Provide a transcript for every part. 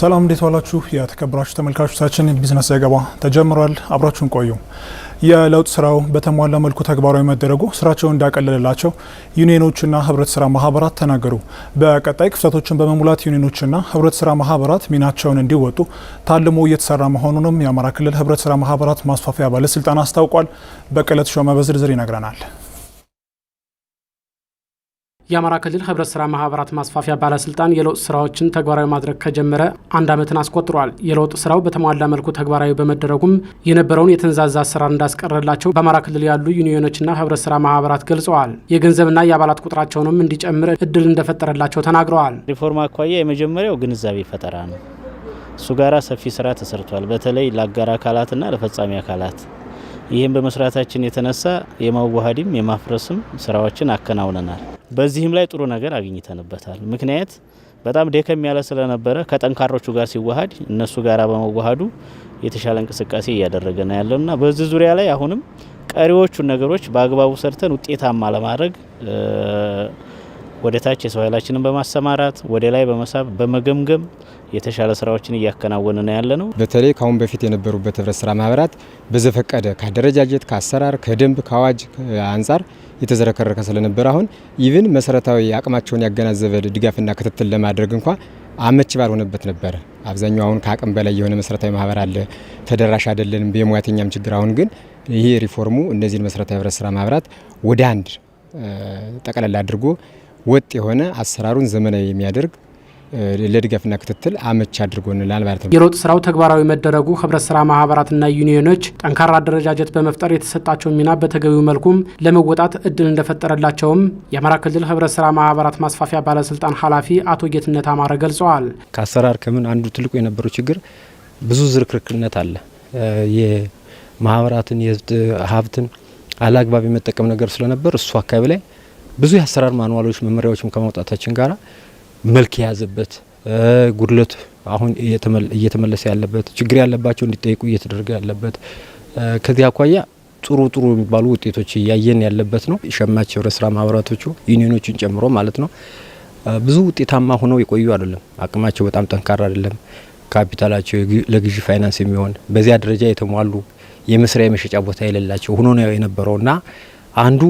ሰላም እንዴት ዋላችሁ? የተከበራችሁ ተመልካቾቻችን ቢዝነስ ዘገባ ተጀምሯል። አብራችሁን ቆዩ። የለውጥ ስራው በተሟላ መልኩ ተግባራዊ መደረጉ ስራቸውን እንዳቀለለላቸው ዩኒየኖችና ህብረት ስራ ማህበራት ተናገሩ። በቀጣይ ክፍተቶችን በመሙላት ዩኒየኖችና ህብረት ስራ ማህበራት ሚናቸውን እንዲወጡ ታልሞ እየተሰራ መሆኑንም የአማራ ክልል ህብረት ስራ ማህበራት ማስፋፊያ ባለስልጣን አስታውቋል። በቀለት ሾመ በዝርዝር ይነግረናል። የአማራ ክልል ህብረት ስራ ማህበራት ማስፋፊያ ባለስልጣን የለውጥ ስራዎችን ተግባራዊ ማድረግ ከጀመረ አንድ ዓመትን አስቆጥሯል። የለውጥ ስራው በተሟላ መልኩ ተግባራዊ በመደረጉም የነበረውን የተንዛዛ አሰራር እንዳስቀረላቸው በአማራ ክልል ያሉ ዩኒዮኖችና ህብረት ስራ ማህበራት ገልጸዋል። የገንዘብና የአባላት ቁጥራቸውንም እንዲጨምር እድል እንደፈጠረላቸው ተናግረዋል። ሪፎርም አኳያ የመጀመሪያው ግንዛቤ ፈጠራ ነው። እሱ ጋራ ሰፊ ስራ ተሰርቷል። በተለይ ለአጋር አካላትና ለፈጻሚ አካላት ይህም በመስራታችን የተነሳ የማዋሃድም የማፍረስም ስራዎችን አከናውነናል። በዚህም ላይ ጥሩ ነገር አግኝተንበታል። ምክንያት በጣም ደከም ያለ ስለነበረ ከጠንካሮቹ ጋር ሲዋሃድ እነሱ ጋር በመዋሃዱ የተሻለ እንቅስቃሴ እያደረገ ነው ያለውና በዚህ ዙሪያ ላይ አሁንም ቀሪዎቹን ነገሮች በአግባቡ ሰርተን ውጤታማ ለማድረግ ወደ ታች የሰው ኃይላችንን በማሰማራት ወደ ላይ በመሳብ በመገምገም የተሻለ ስራዎችን እያከናወነ ነው ያለ ነው። በተለይ ከአሁን በፊት የነበሩበት ህብረት ስራ ማህበራት በዘፈቀደ ከአደረጃጀት፣ ከአሰራር፣ ከደንብ፣ ከአዋጅ አንጻር የተዘረከረከ ስለነበር አሁን ኢቭን መሰረታዊ አቅማቸውን ያገናዘበ ድጋፍና ክትትል ለማድረግ እንኳ አመች ባልሆነበት ነበረ። አብዛኛው አሁን ከአቅም በላይ የሆነ መሰረታዊ ማህበር አለ፣ ተደራሽ አይደለንም፣ የሙያተኛም ችግር። አሁን ግን ይሄ ሪፎርሙ እነዚህን መሰረታዊ ህብረት ስራ ማህበራት ወደ አንድ ጠቅላላ አድርጎ ወጥ የሆነ አሰራሩን ዘመናዊ የሚያደርግ ለድጋፍና ክትትል አመች አድርጎንላል ማለት ነው። የለውጥ ስራው ተግባራዊ መደረጉ ህብረት ስራ ማህበራትና ዩኒዮኖች ጠንካራ አደረጃጀት በመፍጠር የተሰጣቸውን ሚና በተገቢው መልኩም ለመወጣት እድል እንደፈጠረላቸውም የአማራ ክልል ህብረት ስራ ማህበራት ማስፋፊያ ባለስልጣን ኃላፊ አቶ ጌትነት አማረ ገልጸዋል። ከአሰራር ከምን አንዱ ትልቁ የነበረው ችግር ብዙ ዝርክርክነት አለ። የማህበራትን የህዝብ ሀብትን አላግባብ የመጠቀም ነገር ስለነበር እሱ አካባቢ ላይ ብዙ የአሰራር ማንዋሎች መመሪያዎችም ከማውጣታችን ጋር መልክ የያዘበት ጉድለት አሁን እየተመለሰ ያለበት ችግር ያለባቸው እንዲጠይቁ እየተደረገ ያለበት ከዚህ አኳያ ጥሩ ጥሩ የሚባሉ ውጤቶች እያየን ያለበት ነው። ሸማች ህብረት ስራ ማህበራቶቹ ዩኒዮኖችን ጨምሮ ማለት ነው ብዙ ውጤታማ ሆነው የቆዩ አይደለም። አቅማቸው በጣም ጠንካራ አይደለም። ካፒታላቸው ለግዢ ፋይናንስ የሚሆን በዚያ ደረጃ የተሟሉ የመስሪያ የመሸጫ ቦታ የሌላቸው ሆኖ ነው የነበረውና አንዱ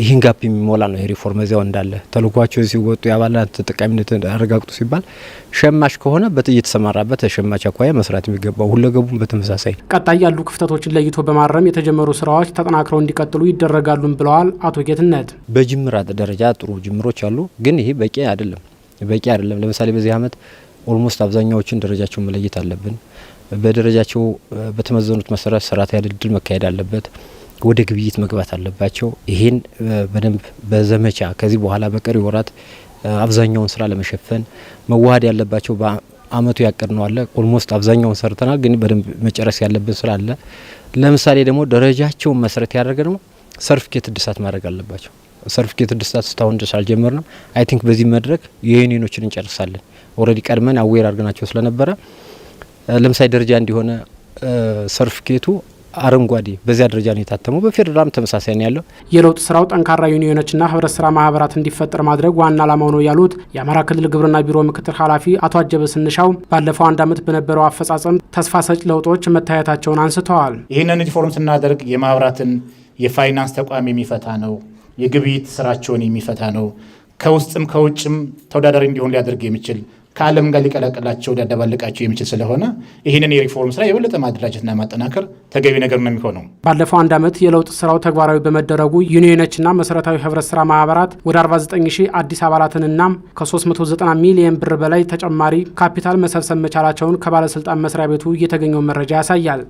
ይህን ጋፕ የሚሞላ ነው የሪፎርም እዚያው እንዳለ ተልኳቸው ሲወጡ የአባላት ተጠቃሚነት አረጋግጡ ሲባል ሸማች ከሆነ እየተሰማራበት ተሸማች አኳያ መስራት የሚገባው ሁለገቡም በተመሳሳይ ቀጣይ ያሉ ክፍተቶችን ለይቶ በማረም የተጀመሩ ስራዎች ተጠናክረው እንዲቀጥሉ ይደረጋሉም ብለዋል አቶ ጌትነት። በጅምር ደረጃ ጥሩ ጅምሮች አሉ፣ ግን ይሄ በቂ አይደለም። በቂ አይደለም። ለምሳሌ በዚህ አመት ኦልሞስት አብዛኛዎችን ደረጃቸው መለየት አለብን። በደረጃቸው በተመዘኑት መሰረት ሰራተኛ ያድድል መካሄድ አለበት። ወደ ግብይት መግባት አለባቸው። ይሄን በደንብ በዘመቻ ከዚህ በኋላ በቀሪ ወራት አብዛኛውን ስራ ለመሸፈን መዋሃድ ያለባቸው አመቱ ያቀድ ነው አለ ኦልሞስት አብዛኛውን ሰርተናል፣ ግን በደንብ መጨረስ ያለብን ስራ አለ። ለምሳሌ ደግሞ ደረጃቸውን መሰረት ያደረገ ደግሞ ሰርፍኬት እድሳት ማድረግ አለባቸው። ሰርፍኬት እድሳት እስካሁን ድረስ አልጀመርንም። አይ ቲንክ በዚህ መድረክ የዩኒኖችን እንጨርሳለን። ኦልሬዲ ቀድመን አዌር አድርገናቸው ስለነበረ ለምሳሌ ደረጃ እንዲሆነ ሰርፍኬቱ አረንጓዴ በዚያ ደረጃ ነው የታተመው። በፌዴራልም ተመሳሳይ ነው ያለው። የለውጥ ስራው ጠንካራ ዩኒዮኖችና ህብረት ስራ ማህበራት እንዲፈጠር ማድረግ ዋና ዓላማው ነው ያሉት የአማራ ክልል ግብርና ቢሮ ምክትል ኃላፊ አቶ አጀበ ስንሻው ባለፈው አንድ ዓመት በነበረው አፈጻጸም ተስፋ ሰጭ ለውጦች መታየታቸውን አንስተዋል። ይህንን ሪፎርም ስናደርግ የማህበራትን የፋይናንስ ተቋም የሚፈታ ነው። የግብይት ስራቸውን የሚፈታ ነው። ከውስጥም ከውጭም ተወዳዳሪ እንዲሆን ሊያደርግ የሚችል ከዓለም ጋር ሊቀላቀላቸው ሊያደባልቃቸው የሚችል ስለሆነ ይህንን የሪፎርም ስራ የበለጠ ማደራጀትና ማጠናከር ተገቢ ነገር ነው የሚሆነው። ባለፈው አንድ ዓመት የለውጥ ስራው ተግባራዊ በመደረጉ ዩኒዮኖችና መሰረታዊ ህብረት ስራ ማህበራት ወደ 49 ሺህ አዲስ አባላትንና ከ390 ሚሊየን ብር በላይ ተጨማሪ ካፒታል መሰብሰብ መቻላቸውን ከባለስልጣን መስሪያ ቤቱ የተገኘው መረጃ ያሳያል።